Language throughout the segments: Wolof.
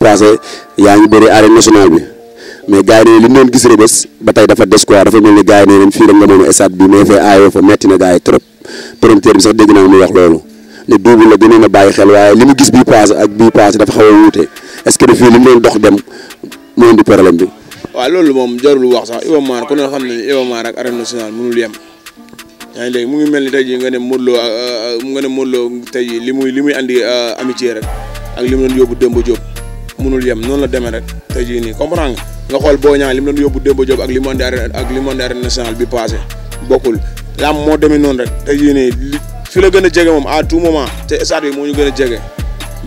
bi yaa ngi bëri arène nationale bi mais gars yi ne li ñu gis rëbës ba tey dafa des quoi dafa mel ni gars yi ne leen fii rek nga a stade bi mais fee aayoo ne Double la a li a wuute est ngi léegi ni tey nga ne Modou Lo euh, euh, nga li muy li muy andi euh, amitié rek ak li mu doon yóbbu Demba Diop mënul yem noonu la demee rek tey jii nii comprendre nga nga xool Boy Niang li mu doon yóbbu Demba Diop ak li mu andi bi passé bokkul lamb moo demee noonu rek tey jii nii fi la gën a jege moom à tout moment te stade bi moo ñu gën a jege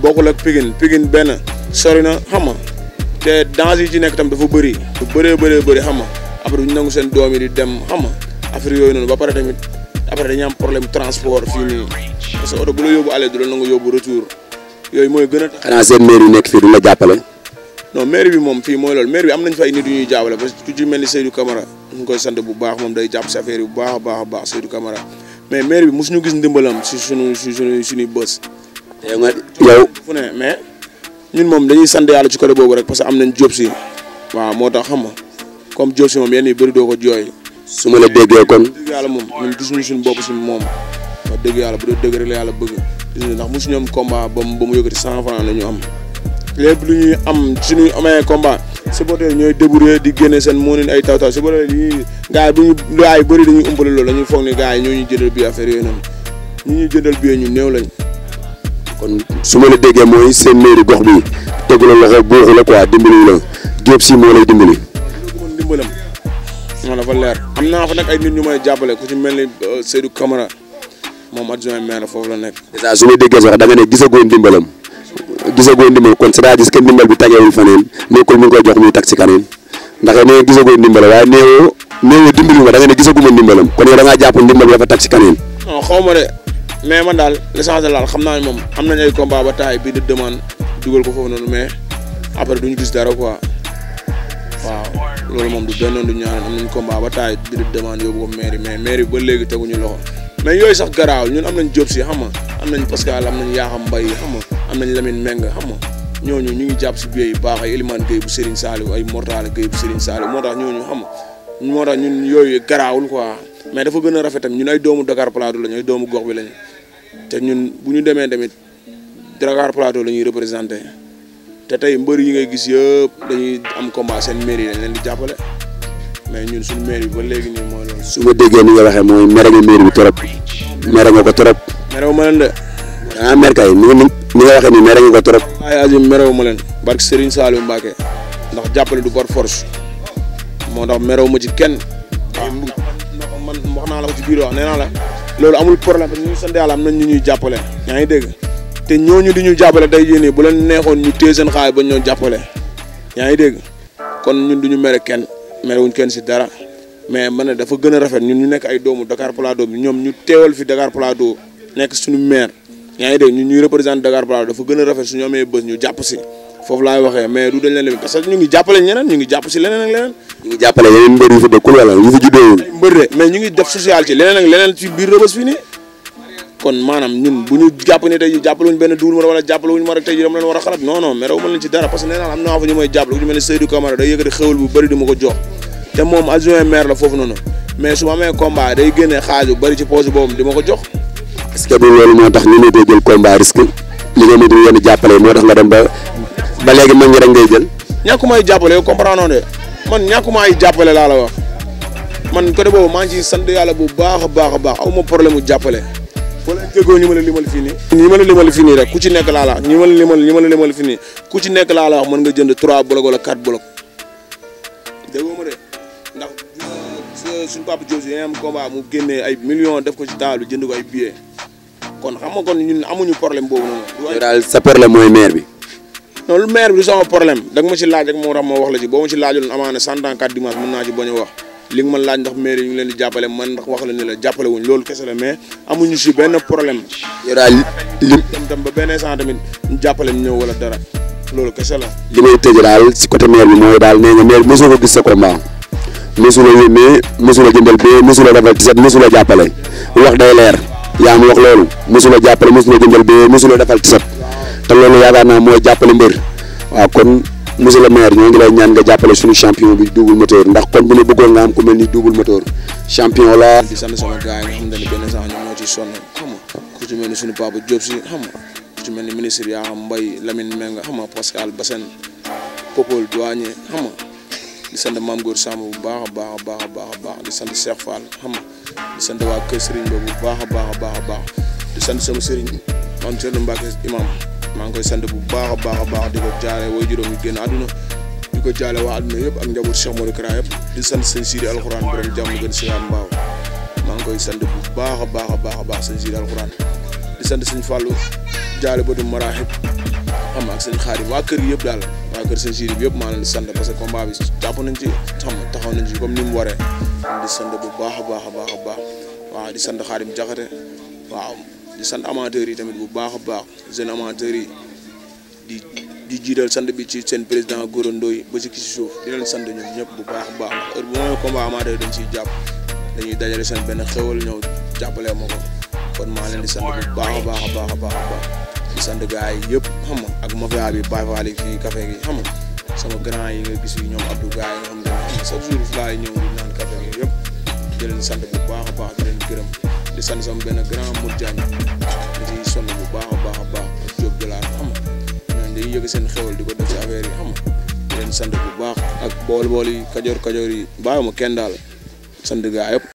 bokkul ak Pikine Pikine benn sori na xam nga te danger yi ci nekk tam dafa bëri lu bëree bëree bëri xam nga après bu ñu nangu seen doom yi di dem xam nga affaire yooyu noonu ba pare tamit après dañuy am problème transport fii nii parce que oto bu la yóbbu du la nangu yóbbu retour. yooyu mooy gën a. xanaa seen maire yi nekk fii du la jàppale. non maire bi moom fii mooy loolu maire bi am nañ fa ay nit yu ñuy jàppale parce que ci mel ni Seydou Camara ñu ngi koy sant bu baax moom day jàpp si affaire bu baax a baax mais maire bi mosuñu gis ndimbalam si suñu si suñu suñuy bës. yow eh, nga yow. fu ne mais ñun moom dañuy sant yàlla ci côté boobu rek parce que am nañ job si waaw moo tax xam nga comme job si moom yenn yu bëri doo ko jooy. su ma la déggee kon. dëgg yàlla moom ñun gis nañ moom dëgg yàlla bu dee dëgg rek la yàlla bëgg Eh, ndax mosu ñu am combat ba mu ba mu yëkkati cent ñu am lépp lu ñuy am suñu amee combat supporter ñooy débrouiller di génne seen moo leen ay taw taw supporter yi gars yi bu ñu gars yi bëri dañuy umpale loolu dañuy foog ne gars ñoo ñu jëndal bi affaire yooyu noonu ñu ñuy bi ñu néew lañ. kon su ma la déggee mooy seen mairie gox bi tegu la loxo buuxu la quoi dimbali la Diop si moo lay dimbali. man dimbalam. ma la fa leer am naa fa nag ay nit ñu may jàppale ku ci mel ni euh, Seydou Camara. moom adjoint maire foofu la nekk. dèjà su ma déggee sax da nga ne gisagoo ndimbalam gisagoo ndimbal kon c'est-à-dire ndimbal bi tàggeewul faneen nekkul mu ngi koy jox muy si kaneen ndax nee ndimbal waaye néewoo néewoo dimbali ma ne gisaguma ndimbalam kon yow da ngaa jàpp ndimbal bi dafa tax si kaneen. non xaw ma de mais man daal l'essentiel daal xam naa ne moom am nañ ay combat ba taay bii di demande dugal ko foofu noonu mais après ñu gis dara quoi waaw loolu moom du benn du ñaar am nañ combat ba taay bii di demande yóbbu ko mairie mais mairie ba léegi teguñu loxo mais yooyu sax garaaw ñun am nañ job si xam nga am nañ Pascal am nañ Yakham Mbaye am nañ Lamine Mbengue xam nga ñu ñu ngi jàpp si biir yu baax ay Elimane Gueye bu Serigne Saliou ay a Gueye bu Serigne Saliou moo tax ñooñu xam moo tax ñun yooyu garaawul quoi mais dafa gën a rafet tam ñun ay doomu Dakar Plateau lañ doomu gox bi lañ te ñun bu ñu demee tamit Dakar Plateau la ñuy représenté te tey mbër yi ngay gis yëpp dañuy am combat seen mairie lañ leen di jàppale mais ñun suñu mairie ba léegi nii su ma déggee ni nga waxee mooy mere nga mairie bi trop. mere nga ko trop. ma leen de. ah mer kay ni ni nga waxee nii mere nga leen. barke Serigne Saliou Mbacke ndax jàppale du par force moo tax merew ma ci kenn. waaw ah. man wax naa la ko ci biir wax nee la. loolu amul problème parce que ñu sant yàlla am nañ ñu ñuy jàppale. yaa ngi dégg te ñoo ñu di ñu jàppale day jii bu la neexoon ñu téye seen ba ñoo jàppale. yaa ngi dégg kon ñun du ñu mere kenn merewuñ kenn si dara. mais ma dafa gën a rafet ñun ñu nekk ay doomu Dakar Plateau bi ñoom ñu teewal fi Dakar Plateau nekk suñu maire yaa ngi dégg ñun ñuy Dakar Plateau dafa a rafet suñu amee bés ñu jàpp si foofu laay waxee mais du dañ leen lim ñu ngi jàppale ñeneen ñu ngi jàpp si leneen ak leneen. ñu ngi ñu ngi def social ci leneen ak leneen ci ne war a xalaat non non mais raw ma leen ci dara ne Seydou Camara day yëkkati xewal bu bëri du ma ko jox te moom adjoint maire la foofu noonu mais su ma amee combat day génne xaalis bu bëri ci poche boobu di ma ko jox. est ce que du loolu moo tax ñu ne day jël combat risque li nga ne di leen jàppale moo tax nga dem ba ba léegi mag ñi rek ngay jël. ñàkkuma ay jàppale yow comprendre de man ñàkkuma ay jàppale laa la wax man côté boobu maa ngi ciy sant yàlla bu baax a baax a baax aw ma problème mu jàppale. wala déggoo ñu limal fii nii. ñi limal fii nii rek ku ci nekk la wax nga jënd 3 bloc wala 4 bloc. suñu papa Diop si am combat mu génnee ay def ko ci taalu jënd ko ay billets kon xam nga kon ñun amuñu problème boobu noonu. daal sa problème mooy maire bi. lu maire bi du sama problème ma ci laaj rek moo tax ma wax la ci boo ma ci ma laaj ndax maire yi ñu ngi leen di jàppale man ni la jàppale wuñ loolu kese la mais amuñu si benn problème. yow daal li tam ba benn instant mi ñu jàppale ñu ñëw wala dara loolu kese la. li may tëj daal si côté maire bi mooy daal nee nga maire mosoo ko gis sa combat mosula yónnee mosula jëndal bee mosula defal set mosula jàppale wax day leer yaa ma wax loolu mosula jàppale mosula jëndal bee mosula defal set te loolu yaakaar naa mooy jàppale mbër waaw kon monsieur le maire ñoo ngi lay ñaan nga jàppale suñu champion bi double moteur ndax kon bu ne bëggoon nga am ku mel ni double moteur champion la di sant sama gars yi nga xam ne benn sax ñoom ñoo ci sonn xam nga ku ci mel ni suñu papa Diop si xam ku mel ni ministre yaa xam Mbaye Lamine Menga xam nga Pascal Bassène Popol di sant maam Góor Samb bu baax a baax a baax a baax a baax di sant Cheikh Fall xam nga di sant waa kër Serigne boobu baax a baax a baax a baax di sant sama Serigne maam Serigne Mbacke imam maa ngi koy sant bu baax a baax a baax di ko jaale juróom yi génn àdduna di ko jaale waa yëpp ak njaboot Cheikh Modou yëpp di sant sëñ Sidi Alxuraan borom jàmm gën si am mbaaw maa ngi koy sant bu baax a baax a baax a baax sëñ Sidi Alxuraan di sant sëñ Fallou jaale ba du maraaxib xam ak sëñ Xaadim waa kër yëpp daal kër yëpp maa leen di sant parce que combat bi jàpp nañ ci xam taxaw nañ comme ni mu waree di sant bu baax a baax a baax a baax waaw di sant Xaadim Jaxate waaw di sant amateurs yi tamit bu baax a baax jeune amateurs yi di di jiital sant bi ci seen président Gora Ndoye ba ci ki suuf di leen sant ñoom ñëpp bu baax baax heure bu mooy combat amateurs dañ ciy jàpp dañuy dajale seen benn xewal ñëw jàppale ma ko kon maa leen di sant bu baax a baax a baax baax a baax di sant gars yi yëpp xam nga ak mafia bi Baye Fall fii café gi xam nga sama grand yi nga gis yi ñoom Abdou gars yi nga xam ne chaque ñëw di naan café gi yëpp di leen sant bu baax a baax di leen gërëm di sant sama benn grand Modou Diagne di ciy bu baax a baax a baax Diop Jolaar xam nga ñoom dañuy seen xewal di ko def ci affaire yi xam nga di leen sant bu baax ak bool bool yi kajoor kajoor yi bàyyi ma kenn daal sant gars yëpp.